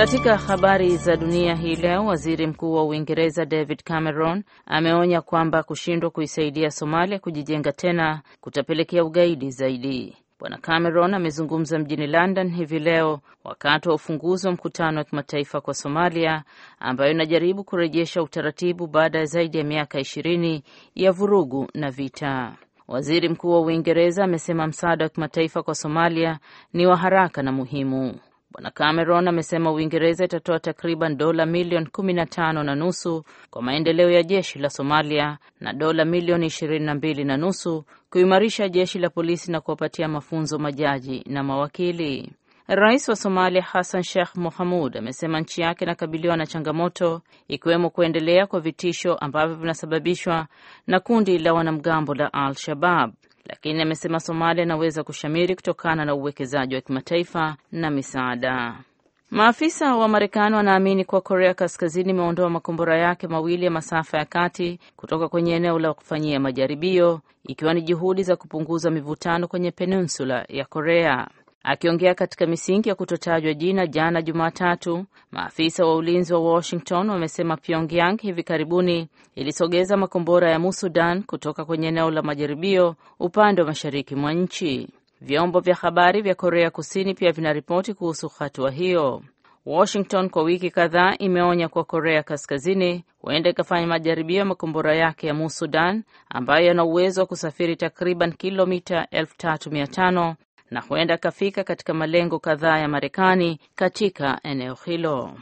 Katika habari za dunia hii leo, waziri mkuu wa Uingereza David Cameron ameonya kwamba kushindwa kuisaidia Somalia kujijenga tena kutapelekea ugaidi zaidi. Bwana Cameron amezungumza mjini London hivi leo wakati wa ufunguzi wa mkutano wa kimataifa kwa Somalia ambayo inajaribu kurejesha utaratibu baada ya zaidi ya miaka ishirini ya vurugu na vita. Waziri mkuu wa Uingereza amesema msaada wa kimataifa kwa Somalia ni wa haraka na muhimu. Bwana Cameron amesema Uingereza itatoa takriban dola milioni kumi na tano na nusu kwa maendeleo ya jeshi la Somalia na dola milioni ishirini na mbili na nusu kuimarisha jeshi la polisi na kuwapatia mafunzo majaji na mawakili. Rais wa Somalia Hassan Sheikh Mohamud amesema nchi yake inakabiliwa na changamoto ikiwemo kuendelea kwa vitisho ambavyo vinasababishwa na kundi la wanamgambo la Al-Shabab lakini amesema Somalia inaweza kushamiri kutokana na uwekezaji wa kimataifa na misaada. Maafisa wa Marekani wanaamini kuwa Korea Kaskazini imeondoa makombora yake mawili ya masafa ya kati kutoka kwenye eneo la kufanyia majaribio, ikiwa ni juhudi za kupunguza mivutano kwenye peninsula ya Korea. Akiongea katika misingi ya kutotajwa jina jana Jumatatu, maafisa wa ulinzi wa Washington wamesema Pyongyang hivi karibuni ilisogeza makombora ya Musudan kutoka kwenye eneo la majaribio upande wa mashariki mwa nchi. Vyombo vya habari vya Korea Kusini pia vinaripoti kuhusu hatua hiyo. Washington kwa wiki kadhaa imeonya kuwa Korea Kaskazini huenda ikafanya majaribio ya makombora yake ya Musudan ambayo yana uwezo wa kusafiri takriban kilomita 3500 na huenda akafika katika malengo kadhaa ya Marekani katika eneo hilo.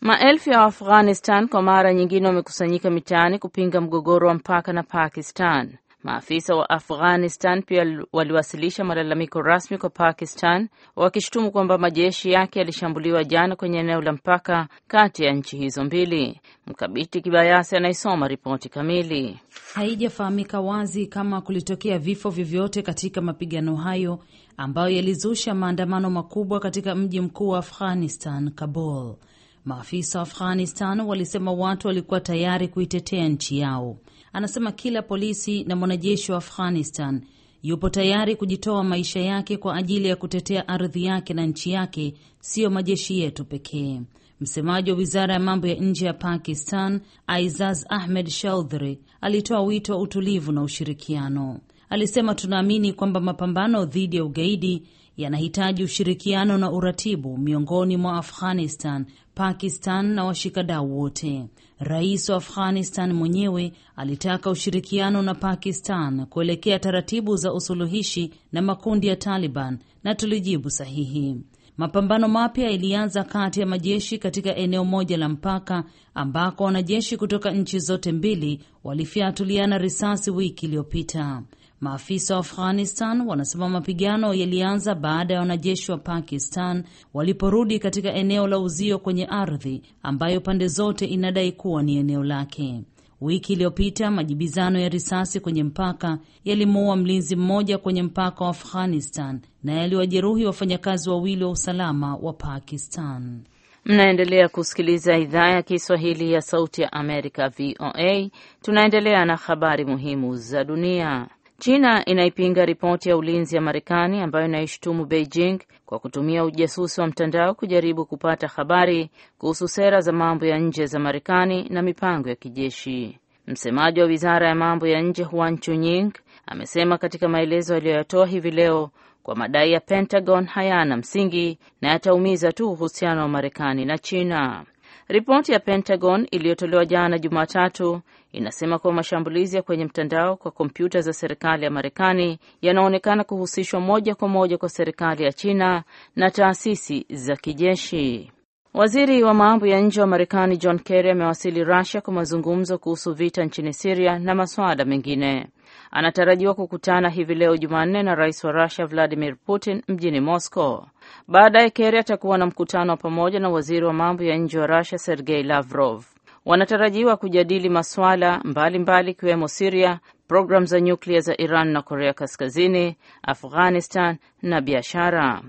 Maelfu ya Waafghanistan kwa mara nyingine wamekusanyika mitaani kupinga mgogoro wa mpaka na Pakistan. Maafisa wa Afghanistan pia waliwasilisha malalamiko rasmi kwa Pakistan wakishutumu kwamba majeshi yake yalishambuliwa jana kwenye eneo la mpaka kati ya nchi hizo mbili. Mkabiti Kibayasi anaisoma ripoti kamili. Haijafahamika wazi kama kulitokea vifo vyovyote katika mapigano hayo ambayo yalizusha maandamano makubwa katika mji mkuu wa Afghanistan, Kabul. Maafisa wa Afghanistan walisema watu walikuwa tayari kuitetea nchi yao. Anasema kila polisi na mwanajeshi wa Afghanistan yupo tayari kujitoa maisha yake kwa ajili ya kutetea ardhi yake na nchi yake, siyo majeshi yetu pekee. Msemaji wa wizara ya mambo ya nje ya Pakistan, Aizaz Ahmed Shaudhry, alitoa wito wa utulivu na ushirikiano alisema tunaamini kwamba mapambano dhidi ya ugaidi yanahitaji ushirikiano na uratibu miongoni mwa Afghanistan, Pakistan na washikadau wote. Rais wa Afghanistan mwenyewe alitaka ushirikiano na Pakistan kuelekea taratibu za usuluhishi na makundi ya Taliban, na tulijibu sahihi. Mapambano mapya ilianza kati ya majeshi katika eneo moja la mpaka ambako wanajeshi kutoka nchi zote mbili walifyatuliana risasi wiki iliyopita. Maafisa wa Afghanistan wanasema mapigano yalianza baada ya wanajeshi wa Pakistan waliporudi katika eneo la uzio kwenye ardhi ambayo pande zote inadai kuwa ni eneo lake. Wiki iliyopita majibizano ya risasi kwenye mpaka yalimuua mlinzi mmoja kwenye mpaka wa Afghanistan na yaliwajeruhi wafanyakazi wawili wa usalama wa Pakistan. Mnaendelea kusikiliza idhaa ya Kiswahili ya Sauti ya Amerika, VOA. Tunaendelea na habari muhimu za dunia. China inaipinga ripoti ya ulinzi ya Marekani ambayo inaishutumu Beijing kwa kutumia ujasusi wa mtandao kujaribu kupata habari kuhusu sera za mambo ya nje za Marekani na mipango ya kijeshi. Msemaji wa wizara ya mambo ya nje Huan Chunying amesema katika maelezo aliyoyatoa hivi leo kwa madai ya Pentagon hayana msingi na yataumiza tu uhusiano wa Marekani na China. Ripoti ya Pentagon iliyotolewa jana Jumatatu inasema kuwa mashambulizi ya kwenye mtandao kwa kompyuta za serikali ya Marekani yanaonekana kuhusishwa moja kwa moja kwa serikali ya China na taasisi za kijeshi. Waziri wa mambo ya nje wa Marekani John Kerry amewasili Russia kwa mazungumzo kuhusu vita nchini siria na masuala mengine anatarajiwa kukutana hivi leo Jumanne na rais wa Rusia Vladimir Putin mjini Moscow. Baadaye Kerry atakuwa na mkutano wa pamoja na waziri wa mambo ya nje wa Rusia Sergei Lavrov. Wanatarajiwa kujadili masuala mbalimbali ikiwemo mbali Siria, programu za nyuklia za Iran na Korea Kaskazini, Afghanistan na biashara.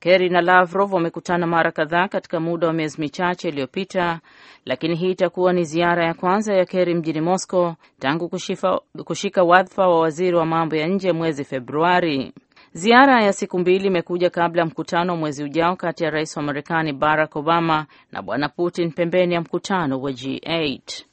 Kerry na Lavrov wamekutana mara kadhaa katika muda wa miezi michache iliyopita, lakini hii itakuwa ni ziara ya kwanza ya Kerry mjini Moscow tangu kushifa, kushika wadhifa wa waziri wa mambo ya nje mwezi Februari. Ziara ya siku mbili imekuja kabla ya mkutano mwezi ujao kati ya rais wa Marekani Barack Obama na bwana Putin pembeni ya mkutano wa G8.